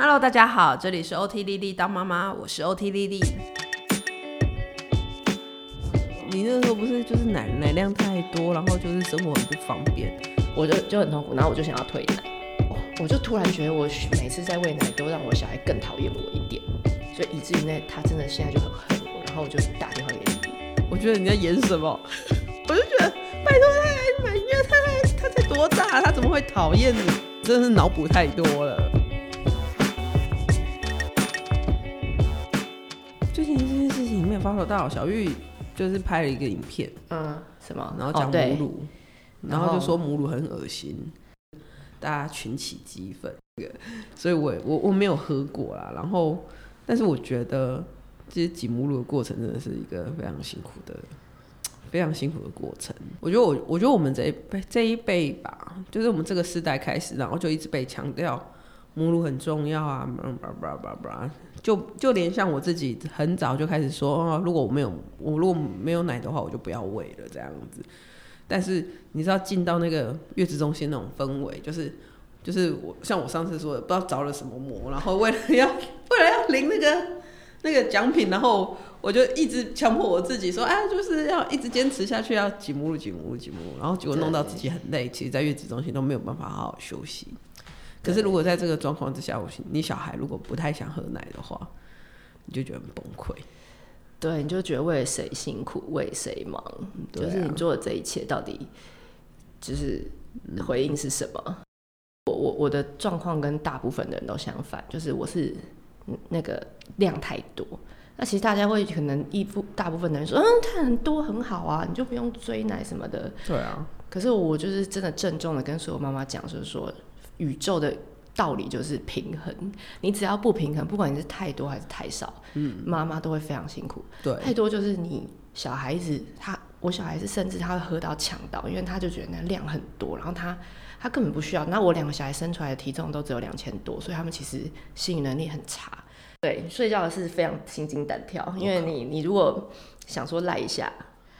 Hello，大家好，這裡是 OT 莉莉當媽媽，我是 OT 莉莉。你那時候不是就是奶奶量太多，然後就是生活很不方便，我就就很痛苦，然後我就想要退奶。哦、我就突然覺得我每次在餵奶都讓我小孩更討厭我一點，所以以至於那他真的現在就很恨我，然後我就打電話給莉莉，我覺得你在演什麼？ 我就覺得拜托他才滿月，他才他才多大，他怎麼會討厭你？真的是腦補太多了。發收到，小玉就是拍了一個影片，嗯，什麼，然後講母乳、哦，然後就說母乳很噁心，大家群起激憤，這個，所以我我我沒有喝過啦，然後，但是我覺得這些擠母乳的過程真的是一個非常辛苦的，非常辛苦的過程。我覺得我我覺得我們這一輩這一輩吧，就是我們這個時代開始，然後就一直被強調。母乳很重要啊就，就就連像我自己，很早就開始說，啊、如果我沒有我如果沒有奶的話，我就不要餵了這樣子。但是你知道進到那個月子中心那種氛圍，就是就是我像我上次說的，不知道着了什麼魔，然後為了要為了要領那個那個獎品，然後我就一直強迫我自己說，哎、啊，就是要一直堅持下去，要擠母乳，擠母乳，擠母乳，然後結果弄到自己很累，其實在月子中心都沒有辦法好好休息。可是，如果在這個狀況之下，我你小孩如果不太想喝奶的話，你就覺得很崩潰。對，你就覺得為了誰辛苦，為誰忙啊？就是你做的這一切，到底就是回應是什麼？嗯、我我我的狀況跟大部分的人都相反，就是我是那個量太多。那其實大家會可能一部大部分的人說，嗯，太很多很好啊，你就不用追奶什麼的。對啊。可是我就是真的鄭重的跟所有媽媽講，就是說，宇宙的道理就是平衡，你只要不平衡，不管你是太多還是太少，嗯，媽媽都會非常辛苦。對，太多就是你小孩子他，我小孩子甚至他會喝到嗆到，因為他就覺得那量很多，然後他他根本不需要。那我兩個小孩生出來的體重都只有兩千多，所以他們其實吸吮能力很差。對，睡覺的是非常心驚膽跳，因為你、okay. 你如果想說賴一下，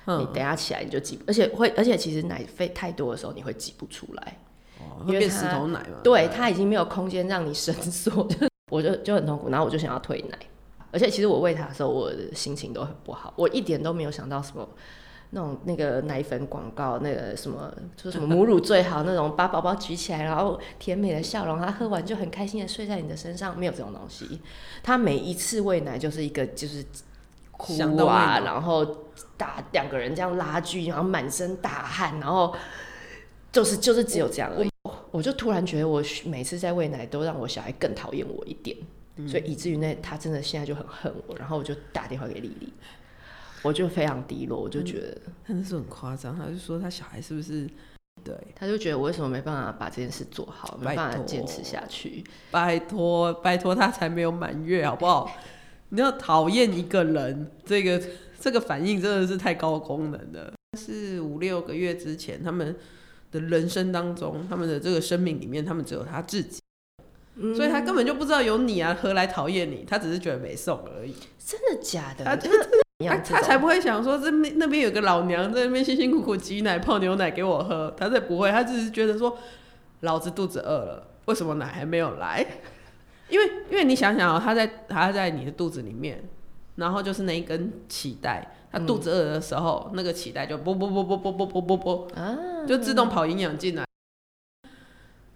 嗯、你等一下起來你就擠，而且會而且其實奶費太多的時候你會擠不出來。因為他石頭奶，對，他已經沒有空間讓你伸縮，我 就就很痛苦，然後我就想要退奶。而且其實我餵他的時候，我的心情都很不好，我一點都沒有想到什麼那種那個奶粉廣告那個什麼，就是什麼母乳最好那種， 把寶寶舉起來，然後甜美的笑容，他喝完就很開心的睡在你的身上，沒有這種東西。他每一次餵奶就是一個就是哭啊，然後打兩個人這樣拉鋸，然後滿身大汗，然後就是就是只有這樣。我就突然覺得，我每次在餵奶都讓我小孩更討厭我一點，嗯，所以以至於那他真的現在就很恨我。然後我就打電話給莉莉，我就非常低落，我就覺得真的、嗯、是很誇張。他就說他小孩是不是？對，他就覺得我為什麼沒辦法把這件事做好，沒辦法堅持下去？拜托，拜托，他才沒有滿月好不好？ 你要討厭一個人，這個這個反應真的是太高功能了。是五六個月之前他們。的人生當中，他們的這個生命裡面，他們只有他自己，嗯、所以他根本就不知道有你啊，何來討厭你？他只是覺得沒送而已。真的假的？他的他，他才不會想說這那邊有個老娘在那邊辛辛苦苦擠奶泡牛奶給我喝，他才不會，他只是覺得說老子肚子餓了，為什麼奶還沒有來？因為因為你想想、喔、他在他在你的肚子裡面，然後就是那一根臍帶。他肚子餓的時候，嗯、那個臍帶就啵啵啵啵啵啵啵啵，就自動跑營養進來，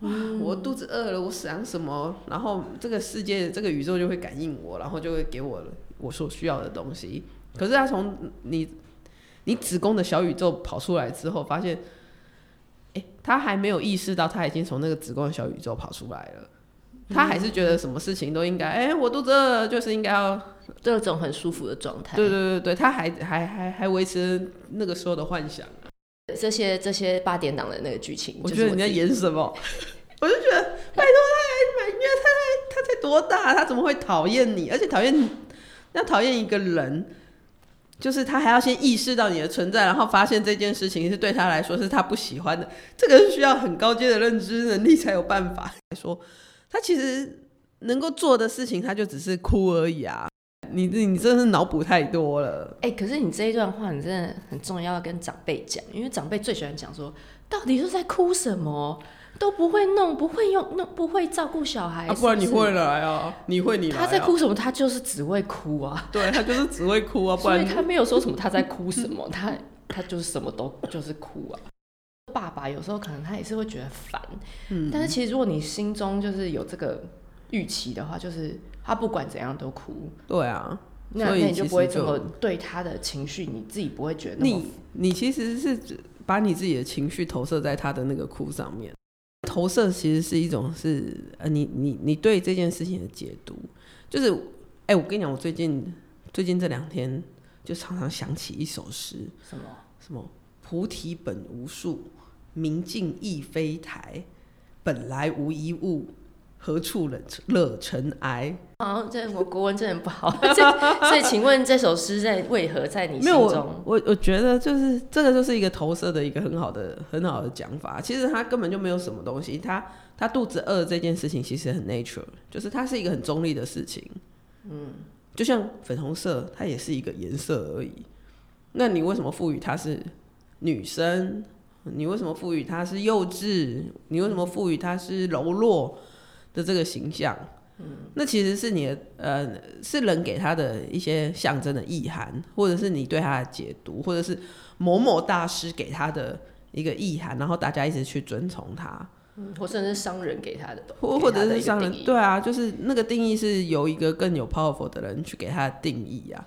嗯，哇，我肚子餓了，我想什麼，然後這個世界，這個宇宙就會感應我，然後就會給我我所需要的東西。可是他從你你子宮的小宇宙跑出來之後，發現，哎，欸，他還沒有意識到他已經從那個子宮的小宇宙跑出來了，他還是覺得什麼事情都應該，哎，嗯欸，我肚子餓了，就是應該要。都有種很舒服的狀態。對對對對，他還還還還維持那個時候的幻想啊。這些這些八點檔的那個劇情，我覺得你在演什麼？ 我就覺得，拜托他還滿月，他才他才多大？他怎麼會討厭你？而且討厭要討厭一個人，就是他還要先意識到你的存在，然後發現這件事情是對他來說是他不喜歡的，這個是需要很高階的認知能力才有辦法來說。他其實能夠做的事情，他就只是哭而已啊。你你真的是腦補太多了哎、欸！可是你這一段話，你真的很重要，要跟長輩講，因為長輩最喜歡講說，到底是在哭什麼？都不會弄，不會用弄，不會照顧小孩。啊、是不然你會來啊？你會你、啊、他在哭什麼？他就是只會哭啊！對，他就是只會哭啊！ 不然所以他沒有說什麼，他在哭什麼， 他他就是什麼都就是哭啊。爸爸有時候可能他也是會覺得煩，嗯，但是其實如果你心中就是有這個。預期的話，就是他不管怎樣都哭，對啊，所以你就不會怎麼對他的情緒，你自己不會覺得你你其實是把你自己的情緒投射在他的那個哭上面。投射其實是一種是呃，你你你對這件事情的解讀，就是哎、欸，我跟你講，我最近最近這兩天就常常想起一首詩，什麼什麼菩提本無樹，明鏡亦非台，本來無一物。何處惹惹塵埃？好，oh，這我國文真的不好。 所以，請問這首詩在為何在你心中？ 沒有，我我，我覺得就是這個，就是一個投射的一個很好的、很好的講法。其實它根本就沒有什麼東西。它它肚子餓這件事情，其實很 natural，就是它是一個很中立的事情。嗯，就像粉紅色，它也是一個顏色而已。那你為什麼賦予它是女生？你為什麼賦予它是幼稚？你為什麼賦予它是柔弱？嗯的這個形象，嗯，那其實是你的，呃，是人給他的一些象徵的意涵，或者是你對他的解讀，或者是某某大師給他的一個意涵，然後大家一直去遵從他，嗯，或甚至商人給他的東，或或者是商人，對啊，就是那個定義是由一個更有 powerful 的人去給他的定義啊，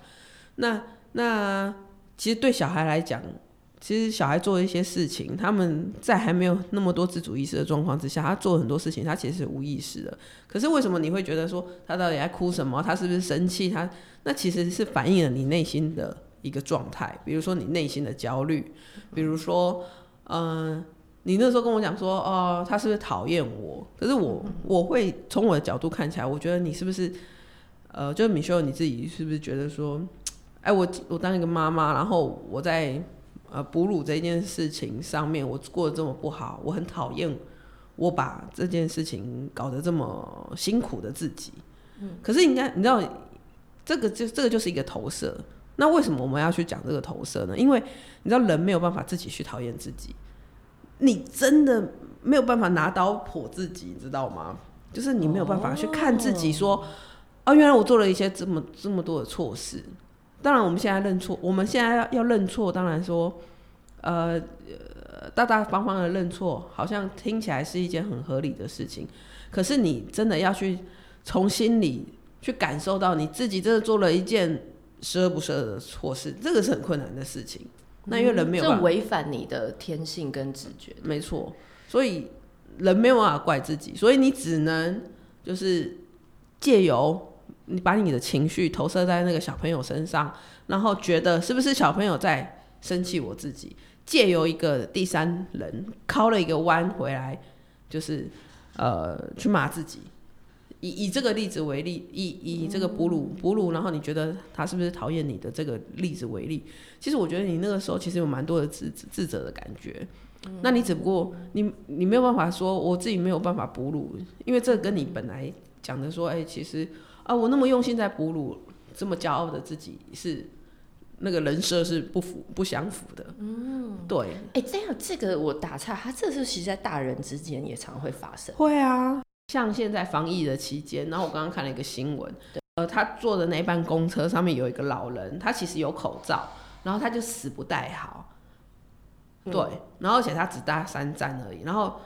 那那其實對小孩來講。其實小孩做一些事情，他們在還沒有那麼多自主意識的狀況之下，他做很多事情，他其實是無意識的。可是為什麼你會覺得說他到底在哭什麼？他是不是生氣？他那其實是反映了你內心的一個狀態，比如說你內心的焦慮，比如說，嗯、呃，你那時候跟我講說，哦、呃，他是不是討厭我？可是我我會從我的角度看起來，我覺得你是不是，呃，就是米修你自己是不是覺得說，哎，我我當一個媽媽，然後我在。呃，哺乳這件事情上面，我過得這麼不好，我很討厭我把這件事情搞得這麼辛苦的自己。嗯，可是應該你知道，這個就這個就是一個投射。那為什麼我們要去講這個投射呢？因為你知道，人沒有辦法自己去討厭自己，你真的沒有辦法拿刀剖自己，你知道嗎？就是你沒有辦法去看自己，說，哦，啊，原來我做了一些這麼這麼多的錯事。當然，我們現在認錯，我們現在要要認錯。當然說，呃，大大方方的認錯，好像聽起來是一件很合理的事情。可是，你真的要去從心裡去感受到，你自己真的做了一件十惡不赦的錯事，這個是很困難的事情。嗯、那因為人沒有，就違反你的天性跟直覺，沒錯。所以人沒有辦法怪自己，所以你只能就是借由。你把你的情緒投射在那個小朋友身上，然後覺得是不是小朋友在生氣？我自己借由一個第三人，拐了一個彎回來，就是呃去罵自己。以以這個例子為例，以以這個哺乳哺乳，哺乳，然後你覺得他是不是討厭你的這個例子為例？其實我覺得你那個時候其實有蠻多的自自責的感覺。那你只不過你你沒有辦法說我自己沒有辦法哺乳，因為這跟你本來講的說，哎、欸，其實。啊！我那麼用心在哺乳，這麼驕傲的，自己是那個人設是不符不相符的。嗯，對。哎、欸，這樣這個我打岔，他這是其實，在大人之間也常會發生。會啊，像現在防疫的期間，然後我剛剛看了一個新聞，呃，他坐的那一班公車上面有一個老人，他其實有口罩，然後他就死不戴好。嗯、對，然後而且他只搭三站而已，然後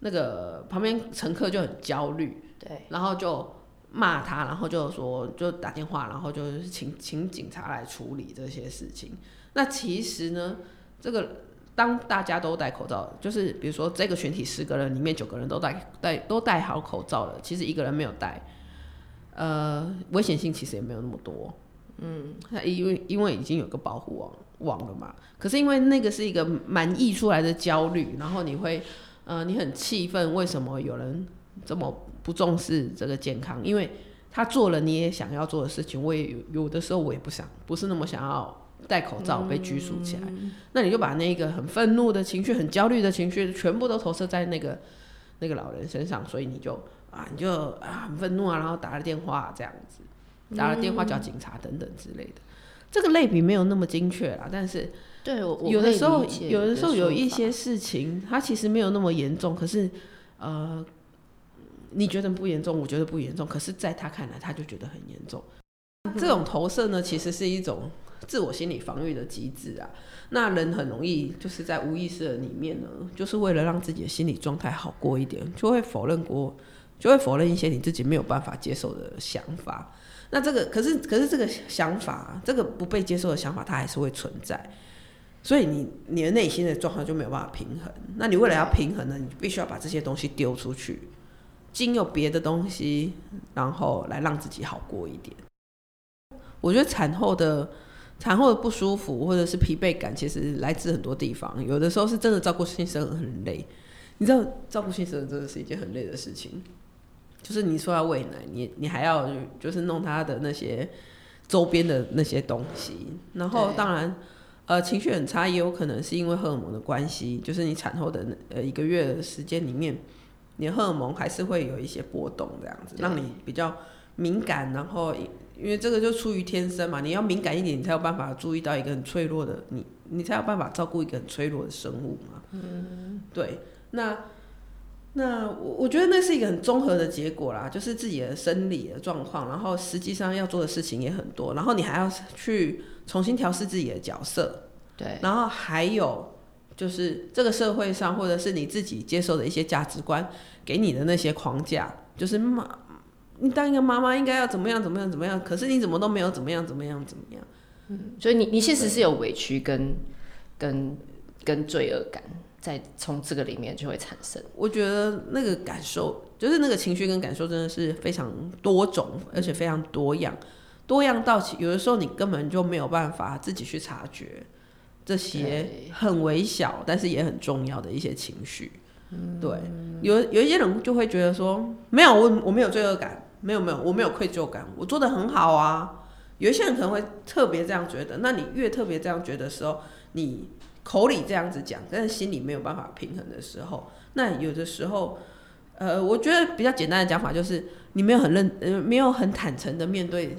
那個旁邊乘客就很焦慮。對，然後就。罵他，然後就說就打電話，然後就請請警察來處理這些事情。那其實呢，這個當大家都戴口罩，就是比如說這個群體十個人裡面九個人都戴戴都戴好口罩了，其實一個人沒有戴，呃，危險性其實也沒有那麼多。嗯，因為因為已經有個保護網網了嘛。可是因為那個是一個滿溢出來的焦慮，然後你會呃你很氣憤，為什麼有人？這麼不重視這個健康，因為他做了你也想要做的事情，我也有有的時候我也不想，不是那麼想要戴口罩被拘束起來。嗯、那你就把那個很憤怒的情緒、很焦慮的情緒，全部都投射在那個那個老人身上，所以你就啊，你就啊，很憤怒啊，然後打了電話、啊、這樣子，打了電話叫警察等等之類的。嗯、這個類比沒有那麼精確啦，但是對我有的時候有，有的時候有一些事情，它其實沒有那麼嚴重，可是呃。你覺得不嚴重，我覺得不嚴重，可是在他看來，他就覺得很嚴重。這種投射呢，其實是一種自我心理防禦的機制啊。那人很容易就是在無意識的裡面呢，就是為了讓自己的心理狀態好過一點，就會否認過，就會否認一些你自己沒有辦法接受的想法。那這個可是可是這個想法，這個不被接受的想法，它還是會存在。所以你你的內心的狀況就沒有辦法平衡。那你為了要平衡呢，你必須要把這些東西丟出去。經有別的東西，然後來讓自己好過一點。我覺得產後的、產後的不舒服或者是疲憊感，其實來自很多地方。有的時候是真的照顧新生兒很累，你知道，照顧新生兒真的是一件很累的事情。就是你說要餵奶，你你還要就是弄他的那些周邊的那些東西。然後當然，呃，情緒很差也有可能是因為荷爾蒙的關係。就是你產後的，呃，一個月的時間裡面。你的荷爾蒙還是會有一些波動，這樣子讓你比較敏感，然後因為這個就出於天生嘛，你要敏感一點，你才有辦法注意到一個很脆弱的你，你才有辦法照顧一個很脆弱的生物嘛。嗯，對。那那我我覺得那是一個很綜合的結果啦、嗯，就是自己的生理的狀況，然後實際上要做的事情也很多，然後你還要去重新調適自己的角色。對。然後還有。就是這個社會上，或者是你自己接受的一些價值觀，給你的那些框架，就是媽，你當一個媽媽應該要怎麼樣怎麼樣怎麼樣，可是你怎麼都沒有怎麼樣怎麼樣怎麼樣，嗯，所以你你現實是有委屈跟跟跟罪惡感，在從這個裡面就會產生。我覺得那個感受，就是那個情緒跟感受真的是非常多種、嗯，而且非常多樣，多樣到有的時候你根本就沒有辦法自己去察覺。這些很微小，但是也很重要的一些情緒，對，對有有一些人就會覺得說，沒有我我沒有罪惡感，沒有沒有我沒有愧疚感，我做得很好啊。有一些人可能會特別這樣覺得，那你越特別這樣覺得的時候，你口裡這樣子講，但是心裡沒有辦法平衡的時候，那有的時候，呃，我覺得比較簡單的講法就是，你沒有很認，呃，沒有很坦誠的面對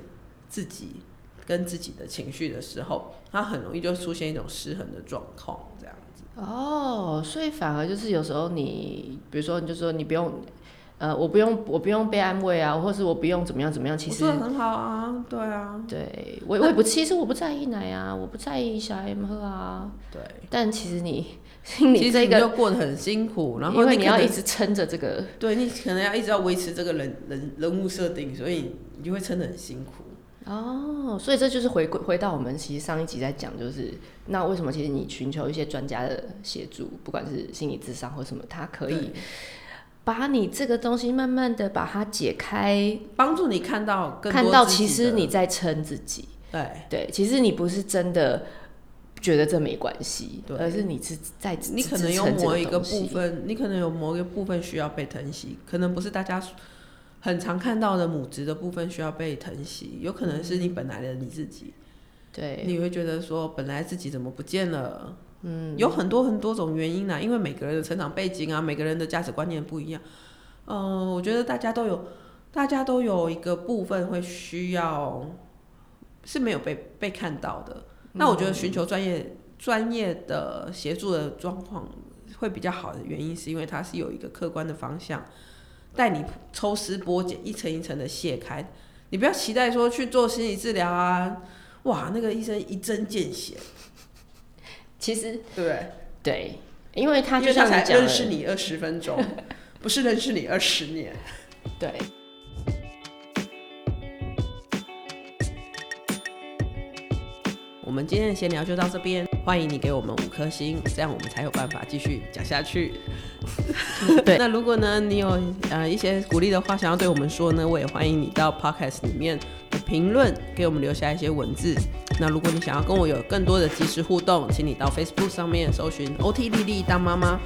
自己。跟自己的情緒的時候，他很容易就出現一種失衡的狀況，這樣子。哦，所以反而就是有時候你，比如說你就說你不用，呃，我不用，我不用被安慰啊，或是我不用怎麼樣怎麼樣。其實很好啊，對啊。對，我我不其實我不在意奶啊，我不在意小孩喝啊。對。但其實你心裡這個其實你就過得很辛苦，然後因為你要一直撐着這個 對。對你可能要一直要維持這個人人人物設定，所以你就會撐得很辛苦。哦，所以這就是回歸回到我們其實上一集在講，就是那為什麼其實你尋求一些專家的協助，不管是心理諮商或什麼，他可以把你這個東西慢慢的把它解開，幫助你看到更多的，看到其實你在撐自己，對對，其實你不是真的覺得這沒關係，而是你是在，在你可能有某一個部分，你可能有某一個部分需要被疼惜，可能不是大家。很常看到的母職的部分需要被疼惜，有可能是你本來的你自己。嗯，對，你會覺得說，本來自己怎麼不見了？嗯，有很多很多種原因呢，啊，因為每個人的成長背景啊，每個人的價值觀念不一樣。嗯、呃，我覺得大家都有，大家都有一個部分會需要是沒有被被看到的。那我覺得尋求專業專業的協助的狀況會比較好的原因，是因為它是有一個客觀的方向。帶你抽絲剝繭，一層一層的卸開。你不要期待說去做心理治療啊，哇，那個醫生一針見血。其實，對對,對，因為他就像他才認識你二十分鐘， 不是認識你二十年。對。我們今天的閒聊就到這邊，歡迎你給我們五顆星，這樣我們才有辦法繼續講下去。嗯、對， 那如果呢，你有呃一些鼓勵的話，想要對我們說呢，我也歡迎你到 podcast 裡面的評論，給我們留下一些文字。那如果你想要跟我有更多的即時互動，請你到 Facebook 上面搜尋 OT 莉莉當媽媽，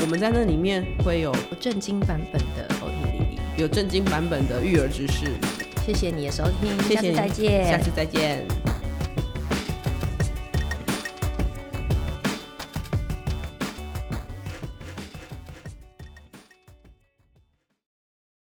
我們在那裡面會有，有正經版本的 OT 莉莉，有正經版本的育兒知識。謝謝你的收聽，謝謝，再見，下次再見。謝謝。